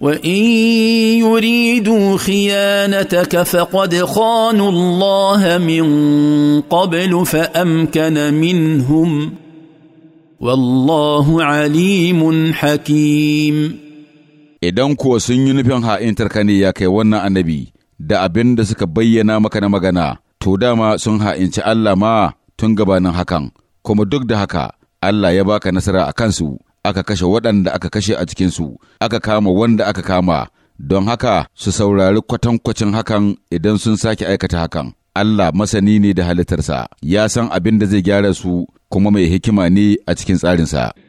وان يريدوا خيانتك فقد خانوا الله من قبل فامكن منهم والله عليم حكيم idan kuwa sun yi nufin ha'intarka ne ya kai wannan annabi da abin da suka bayyana maka na magana to dama sun ha'inci Allah ma tun gabanin hakan kuma duk da haka Allah ya baka nasara a kansu aka kashe waɗanda aka kashe a cikinsu, aka kama wanda aka kama, don haka su saurari kwatankwacin hakan idan sun sake aikata hakan. Allah masani ne da halittarsa, ya san abin da zai gyara su kuma mai hikima ne a cikin tsarinsa.